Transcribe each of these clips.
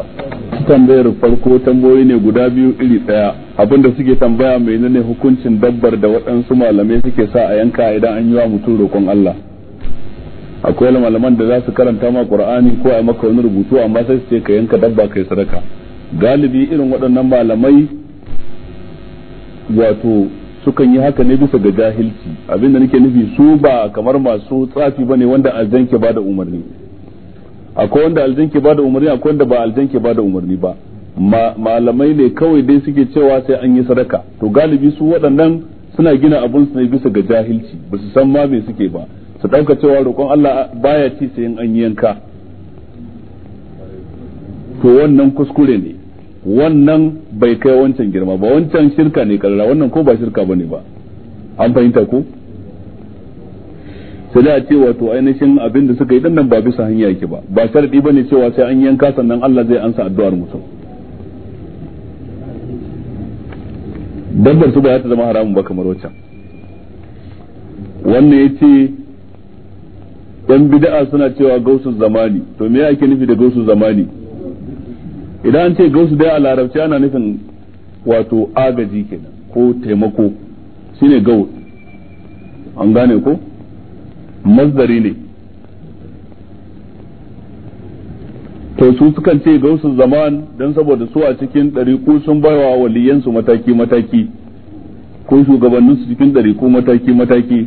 ba tambayar farko tambayoyi ne guda biyu iri daya abinda suke tambaya menene hukuncin dabbar da waɗansu malamai suke sa a yanka idan an yi wa mutum roƙon Allah akwai malaman da za su karanta ma Qur'ani ko a maka wani rubutu amma sai su ce ka yanka dabba kai sadaka galibi irin waɗannan malamai wato sukan yi haka ne bisa ga jahilci abinda nake nufi su ba kamar masu tsafi bane wanda aljanke ba da umarni akwai wanda aljan ke bada umarni akwai wanda ba aljan ke bada umarni ba malamai ne kawai dai suke cewa sai an yi sadaka to galibi su waɗannan suna gina abun su ne bisa ga jahilci ba su san ma me suke ba su ɗauka cewa roƙon Allah baya ci sai in an yi yanka to wannan kuskure ne wannan bai kai wancan girma ba wancan shirka ne karara wannan ko ba shirka bane ba an fahimta ko sai da ce wato ainihin abin da suka yi dan nan ba bisa hanya yake ba ba sharadi ne cewa sai an yanka sannan Allah zai ansa addu'ar mutum dabbar su ba ta zama haramun ba kamar wacce wannan yace yan bid'a suna cewa gausu zamani to me yake nufi da gausu zamani idan an ce gausu da a larabci ana nufin wato agaji kenan ko taimako shine gaud an gane ko mazdari ne to su sukan ce gausu zaman don saboda su a cikin ɗariku sun baiwa waliyansu mataki-mataki ko shugabanninsu cikin ɗariku mataki-mataki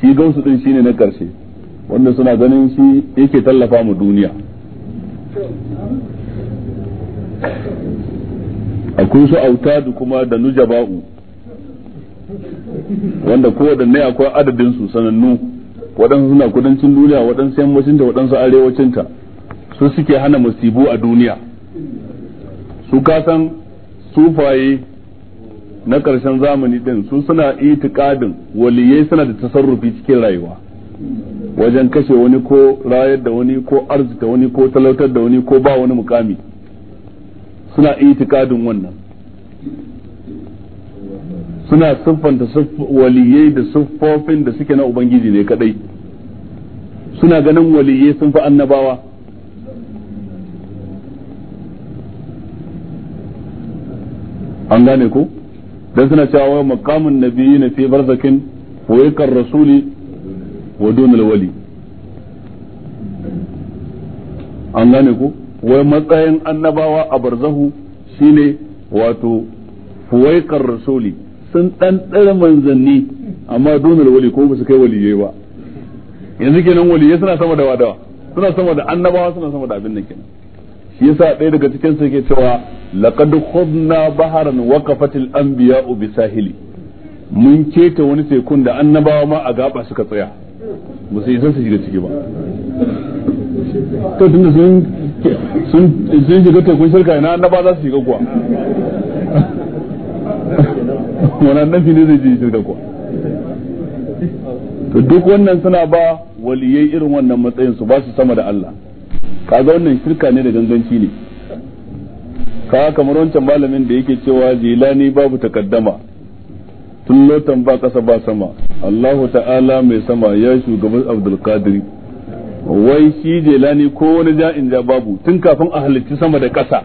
shi gausu ɗin shine na ƙarshe wanda suna ganin shi yake tallafa mu duniya akwai su autadu kuma da nujaba'u wanda kowaɗanne akwai adadinsu sanannu waɗansu suna kudancin duniya waɗansu yammacin ta waɗansu arewacin su suke hana musibu a duniya su kasan sufaye na ƙarshen zamani ɗin su suna itikadin waliyai suna da tasarrufi cikin rayuwa wajen kashe wani ko rayar da wani ko arzita wani ko talautar da wani ko ba wani mukami suna itikadin wannan suna siffanta waliyai da siffofin da suke na ubangiji ne kadai suna ganin waliyai sun fi annabawa an gane ko dan suna cewa wa maqamun na fi barzakin wa yakar rasuli wa dunal wali an gane ko wai matsayin annabawa a barzahu shine wato fuwaikar rasuli sun dan tsira manzanni amma donar wali ko ba su kai waliye ba yanzu kenan waliyai suna sama da wadawa suna sama da annabawa suna sama da abin nan kenan shi yasa ɗaya daga cikin su ke cewa laqad khudna baharan waqafat al anbiya'u bi sahili mun keta wani tekun da annabawa ma a gaba suka tsaya ba su isa su shiga ciki ba to tunda sun sun shiga tekun shirka ina annabawa za su shiga kuwa wani annabi ne zai je shirka kuwa to duk wannan suna ba waliyai irin wannan matsayin su ba su sama da Allah kaga wannan shirka ne da ganganci ne ka kamar wancan malamin da yake cewa jilani babu takaddama tun lotan ba kasa ba sama Allahu ta'ala mai sama ya shugaban Abdul Qadir wai shi jilani ko wani ja'in ja babu tun kafin a halicci sama da kasa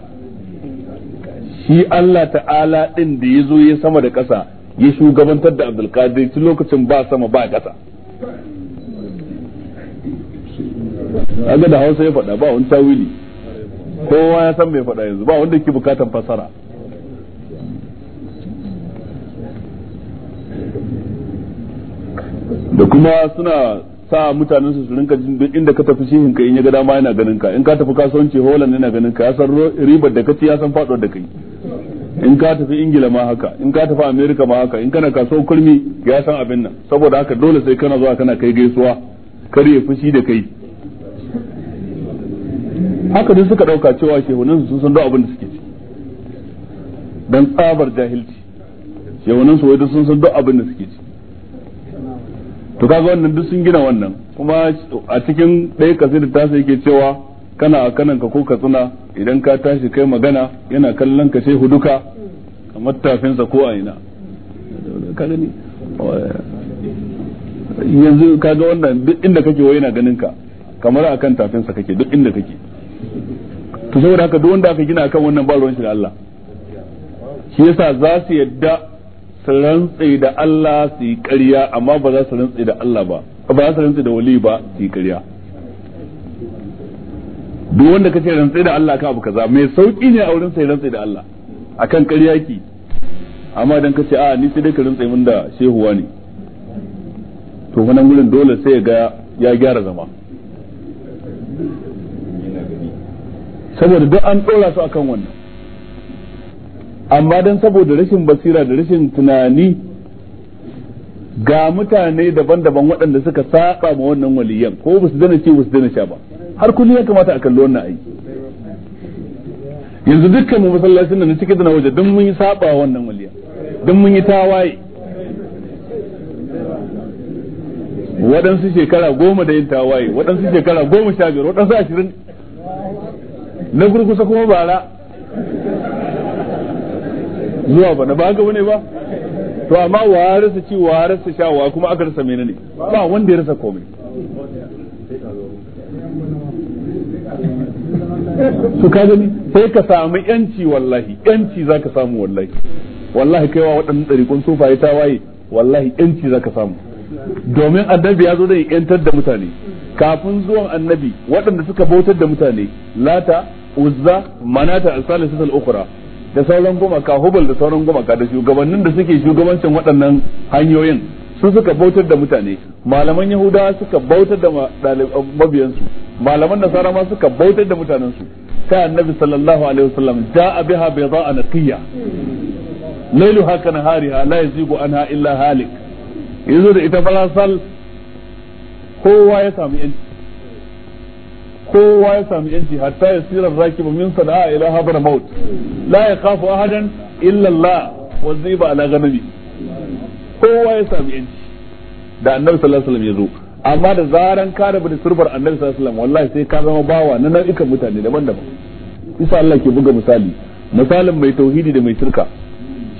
shi Allah ta'ala din da ya zo ya sama da ƙasa ya shugabantar da abdulkadir tun lokacin ba sama ba ƙasa ga da hausa ya faɗa ba wani tawili kowa ya san mai faɗa yanzu ba wanda ke bukatan fasara da kuma suna sa mutanen su rinka jin duk inda ka tafi shi ka in ya ga dama yana ganin ka in ka tafi kasuwanci holan yana ganin ka ya san ribar da kace ya san faɗo da kai in ka tafi ingila ma haka in ka tafi america ma haka in kana kaso kurmi ya san abin nan saboda haka dole sai kana zuwa kana kai gaisuwa kar ya fushi da kai haka duk suka dauka cewa shehunan sun san duk abin da suke ci dan tsabar jahilci shehunan su wai sun san duk abin da suke ci to kaga wannan duk sun gina wannan kuma a cikin ɗaya kasidar ta yake cewa kana a kanan ka ko ka tsuna idan ka tashi kai magana yana kallon ka sai huduka kamar tafinsa ko a ina yanzu ka ga wannan duk inda kake wai yana ganin ka kamar a kan tafinsa kake duk inda kake to saboda haka duk wanda aka gina akan wannan ba ruwan shi da Allah shi yasa za su yadda su rantsi da Allah su yi ƙarya amma ba za su rantsi da Allah ba ba za su rantsi da wali ba su yi ƙarya duk wanda kace rantsai da Allah ka abu kaza mai sauki ne a wurin sai rantsai da Allah akan ƙarya ki amma dan kace a ni sai dai ka rantsai mun da shehu wani to wannan gurin dole sai ya ga ya gyara zama saboda duk an dora su akan wannan amma dan saboda rashin basira da rashin tunani ga mutane daban-daban waɗanda suka saba ma wannan waliyan ko ba su dana ce ba su dana sha ba har kullum ya kamata a kalli wannan ayi yanzu dukkan mu masallacin nan cike da na waje dan mun yi saba wannan waliya dan mun yi tawaye waɗansu shekara goma da yin tawaye waɗansu shekara goma sha biyar waɗansu ashirin na kurkusa kuma bara zuwa bana ba haka bane ba to amma wa rasa ci wa rasa sha wa kuma aka rasa menene ba wanda ya rasa komai su ka gani sai ka samu yanci wallahi yanci za ka samu wallahi wallahi kaiwa waɗannan ɗarikun sufaye ta waye wallahi yanci za ka samu domin annabi ya zo da yantar da mutane kafin zuwan annabi waɗanda suka bautar da mutane lata uzza manata al-salisat al-ukhra da sauran gumaka hubal da sauran gumaka da shugabannin da suke shugabancin waɗannan hanyoyin su suka bautar da mutane malaman yahuda suka bautar da uh, mabiyansu malaman nasara ma suka bautar da mutanensu sai annabi sallallahu alaihi wasallam ja'a biha bayda'a naqiya lailuha ka nahariha la yazigu anha illa halik yazo da ita falasal kowa ya samu yanci kowa ya samu yanci hatta yasira rakibu min sana'a ila habra maut la yakhafu ahadan illa Allah wa ziba ala ganabi. kowa ya sami yanci da annabi sallallahu alaihi wasallam ya zo amma da zaran ka rabu da surbar annabi sallallahu alaihi wasallam wallahi sai ka zama bawa na nau'ikan mutane daban-daban isa Allah ke buga misali misalin mai tauhidi da mai shirka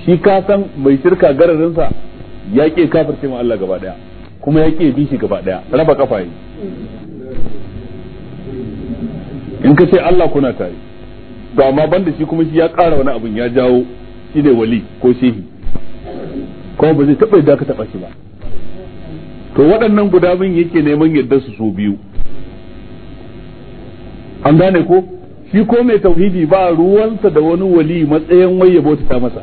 shi ka san mai shirka gararinsa ya ke kafirce ma Allah gaba daya kuma ya ke bi shi gaba daya raba kafaye in ka ce Allah kuna tare to amma banda shi kuma shi ya ƙara wani abun ya jawo shi ne wali ko shehi kuma ba zai taɓa yadda ka taɓa shi ba to waɗannan guda min yake neman yadda su so biyu an gane ko shi ko mai tauhidi ba ruwansa da wani wali matsayin wai ya bauta masa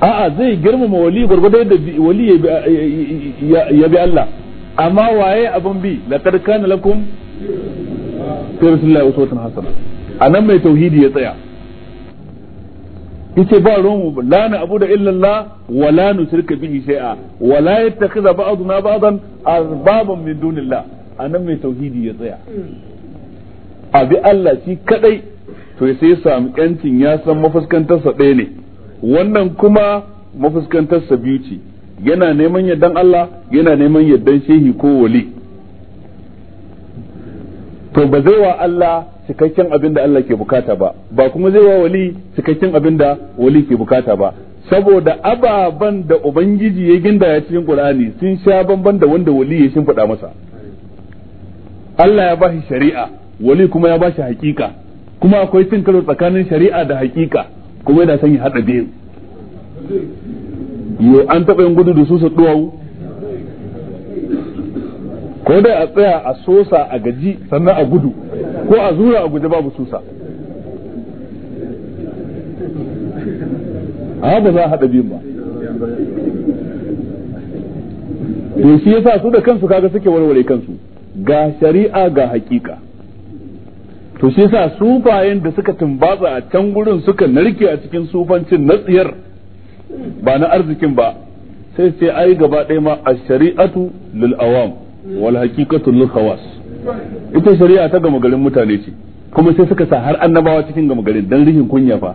a'a zai girmama wali gurgurda yadda wali ya bi Allah amma waye abin bi laqad kana lakum fi rasulillahi uswatun hasana anan mai tauhidi ya tsaya yace ba ruwanmu la na abu da illallah wa la nusirka bihi shay'a wa la yattakhidha ba'duna ba'dan arbaban min dunillah anan mai tauhidi ya tsaya abi Allah shi kadai to sai ya samu yancin ya san mafuskantarsa ɗaya ne wannan kuma mafuskantarsa biyu ce yana neman yardan Allah yana neman yardan shehi ko wali to ba zai wa Allah cikakken abin da Allah ke bukata ba ba kuma zai wa wali cikakken abin da wali ke bukata ba saboda ababan da ubangiji ya ginda ya cikin qur'ani sun sha bamban da wanda wali ya shimfiɗa masa Allah ya bashi shari'a wali kuma ya bashi hakika kuma akwai cin karo tsakanin shari'a da hakika kuma yana sanya ya hada biyu yo an taɓa yin gudu da su su duwawu ko dai a tsaya a sosa a gaji sannan a gudu ko a zura a guje babu susa a ba za a haɗa biyun ba to shi yasa su da kansu kaga suke warware kansu ga shari'a ga haƙiƙa to shi yasa sufayen da suka tumbatsa a can gurin suka narke a cikin sufancin na tsiyar ba na arzikin ba sai sai ai gaba ɗaya ma a shari'atu lil awam wal haqiqatu lil khawas ita shari'a ta gama garin mutane ce kuma sai suka sa har annabawa cikin gama garin dan rihin kunya fa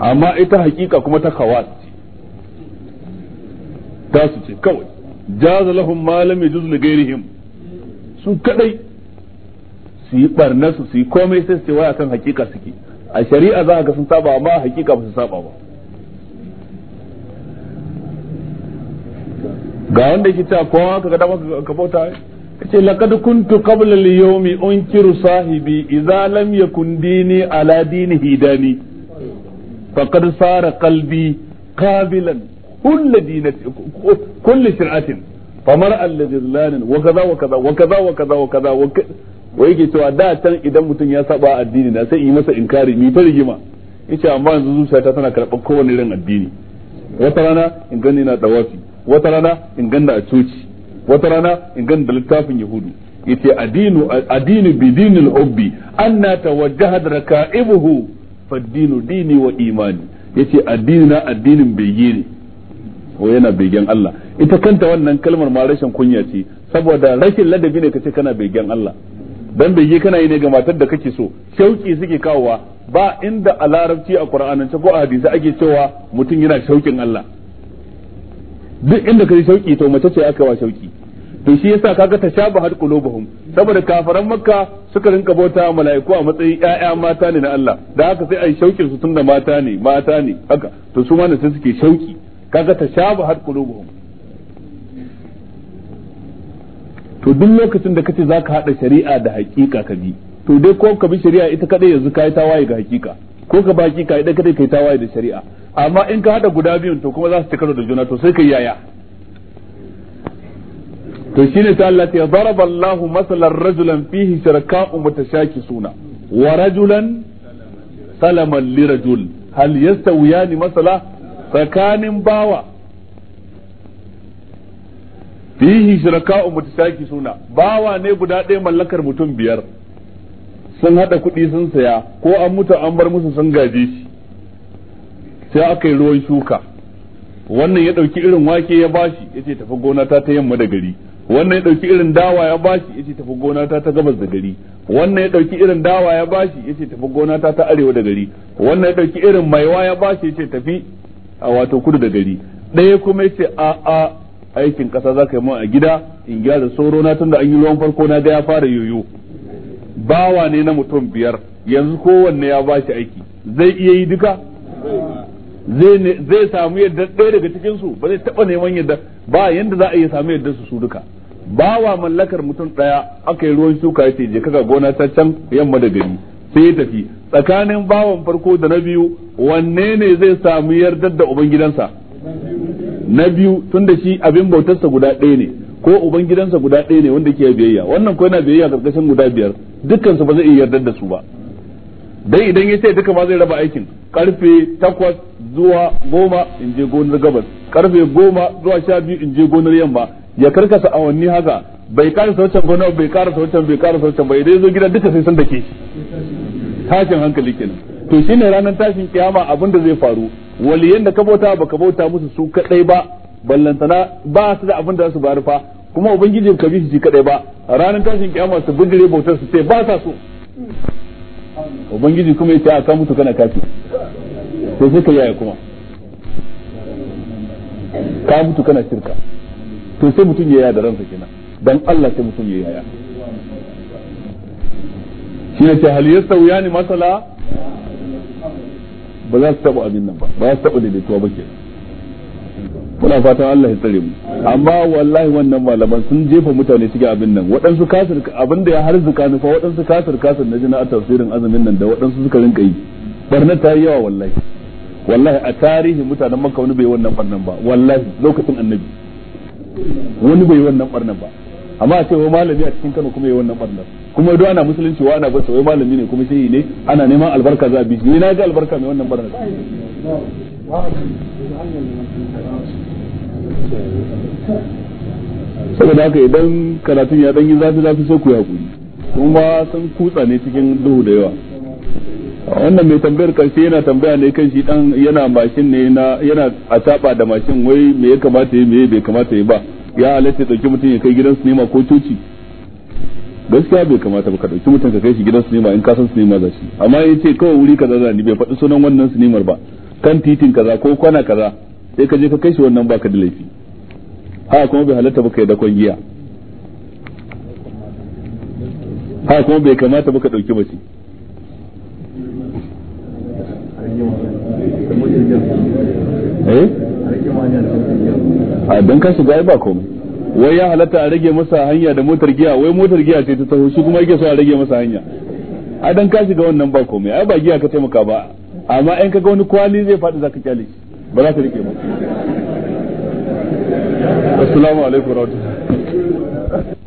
amma ita haqiqa kuma ta khawas ta su ce kawai jaza lahum ma lam yajuz li ghairihim su kadai su yi barna su su yi komai sai su ce wai akan haqiqa suke a shari'a za ka ga sun saba amma haqiqa ba su saba ba ga wanda yake cewa ko haka ga dama ka bauta yace laqad kuntu qabla al-yawmi unkiru sahibi idza lam yakun dini ala faqad sara qalbi qabilan kull dinati kull shir'atin famar wa kaza wa kaza wa kaza wa kaza wa kaza wa yake cewa da can idan mutum ya saba addini na sai yi masa inkari mi ta rigima yace amma yanzu zuciyata tana karɓar kowane irin addini wata rana in gani na dawafi wata rana in ganna a coci wata rana in ganda littafin yahudu yace adinu adinu bi dinil hubbi anna tawajjaha raka'ibuhu faddinu dini wa imani yace addini na addinin bege ne ko yana begen Allah ita kanta wannan kalmar ma rashin kunya ce saboda rashin ladabi ne kace kana begen Allah dan bege kana yi ne ga matar da kake so shauki suke kawowa ba inda a larabci a qur'anance ko a hadisi ake cewa mutum yana shaukin Allah duk inda yi shauki to mace ce aka wa shauki to shi yasa kaga ta har qulubuhum saboda kafaran makka suka rinka bauta mala'iku a matsayin ƴaƴa mata ne na Allah da haka sai ai shaukin su tunda mata ne mata ne haka to su ma ne sai suke shauki kaga ta har qulubuhum to duk lokacin da kace zaka hada shari'a da hakika ka bi to dai ko ka bi shari'a ita kadai yanzu kai waye ga hakika ko ka ba hakika idan kadai kai waye da shari'a amma in ka hada guda biyun to kuma za su ci da juna to sai kai yaya to shine ta Allah ya daraba Allah masalan rajulan fihi mutashaki suna wa rajulan salaman li rajul hal yastawiyani masala tsakanin bawa fihi shirka mutashaki suna. bawa ne guda ɗaya mallakar mutum biyar sun hada kuɗi sun saya ko an mutu an bar musu sun gaje shi sai aka yi ruwan shuka wannan ya ɗauki irin wake ya bashi ya ce tafi gona ta ta yamma da gari wannan ya ɗauki irin dawa ya bashi ya ce tafi gona ta ta gabas da gari wannan ya ɗauki irin dawa ya bashi ya ce tafi gona ta ta arewa da gari wannan ya ɗauki irin maiwa ya bashi ya ce tafi a wato kudu da gari ɗaya kuma ya ce a a aikin ƙasa za ka yi a gida in gyara sauro na tunda an yi ruwan farko na ga ya fara yoyo bawa ne na mutum biyar yanzu kowanne ya bashi aiki zai iya yi duka zai samu yadda ɗaya daga cikinsu su ba zai taba neman yadda ba yadda za a iya samu yadda su su duka ba wa mallakar mutum ɗaya aka yi ruwan shuka ya ce je kaga gona ta can yamma da gari sai tafi tsakanin bawan farko da na biyu wanne ne zai samu yardar da ubangidansa na biyu tun da shi abin bautarsa guda ɗaya ne ko ubangidansa guda ɗaya ne wanda ke biyayya wannan ko yana biyayya karkashin guda biyar dukkansu ba zai iya yardar da su ba dan idan ya ce duka ba zai raba aikin karfe takwas zuwa goma in je gonar gabas karfe goma zuwa sha biyu in je gonar yamma ya karkasa awanni haka bai kara saucan gona bai kara saucan bai kare saucan bai dai zo gida duka sai san da ke tashin hankali kenan to shine ranar tashin kiyama abin da zai faru waliyan da ka bauta ba kabota bauta musu su kadai ba ballantana ba su da abin da za su bari fa kuma ubangiji ka bi shi kadai ba ranar tashin kiyama su bijire bautar su sai ba sa so ubangiji kuma ya ce a kan mutu kana kafi sai sai ka yaya kuma ka mutu kana shirka to sai mutum ya yaya da ransa kina dan Allah sai mutum ya yaya shi ne ce hal yastawi ne masala ba za su taba abin nan ba ba za su taba daidaituwa ba kenan muna fatan Allah ya tsare mu amma wallahi wannan malaman sun jefa mutane cikin abin nan waɗansu kasir abin da ya harzuka ni fa waɗansu kasir kasir na jina a tafsirin azumin nan da waɗansu suka rinka yi barnar ta yi yawa wallahi wallahi a tarihi mutanen makka wani bai wannan barnan ba wallahi lokacin annabi wani bai wannan barnan ba amma a ce wai malami a cikin Kano kuma yi wannan barnan kuma idan ana musulunci wa ana basa wai malami ne kuma shi ne ana neman albarka za a bi ni na ga albarka mai wannan barnan. saboda haka idan karatun ya dan yi zafi zafi sai ku yaƙuri kuma sun kutsa ne cikin duhu da yawa wannan mai tambayar karshe yana tambaya ne kan shi dan yana mashin ne na yana a taba da mashin wai me ya kamata yi me bai kamata yi ba ya halatta dauki mutum ya kai gidan sinima ko coci gaskiya bai kamata ba ka dauki mutum ka kai shi gidan sinima in ka san sinima za amma ya ce kawai wuri kaza za ni bai faɗi sunan wannan sinimar ba kan titin kaza ko kwana kaza sai ka je ka kai shi wannan baka da laifi haka kuma bai halatta ba yi dakon giya haka kuma bai kamata ba ka dauki mace eh a dan ka shiga ba komai wai ya halatta a rage masa hanya da motar giya wai motar giya ce ta taho shi kuma yake so a rage masa hanya a dan ka shiga wannan ba komai ai ba giya ka taimaka ba amma in kaga wani kwali zai faɗi zaka kyale ba za ka rike ba assalamu alaikum warahmatullahi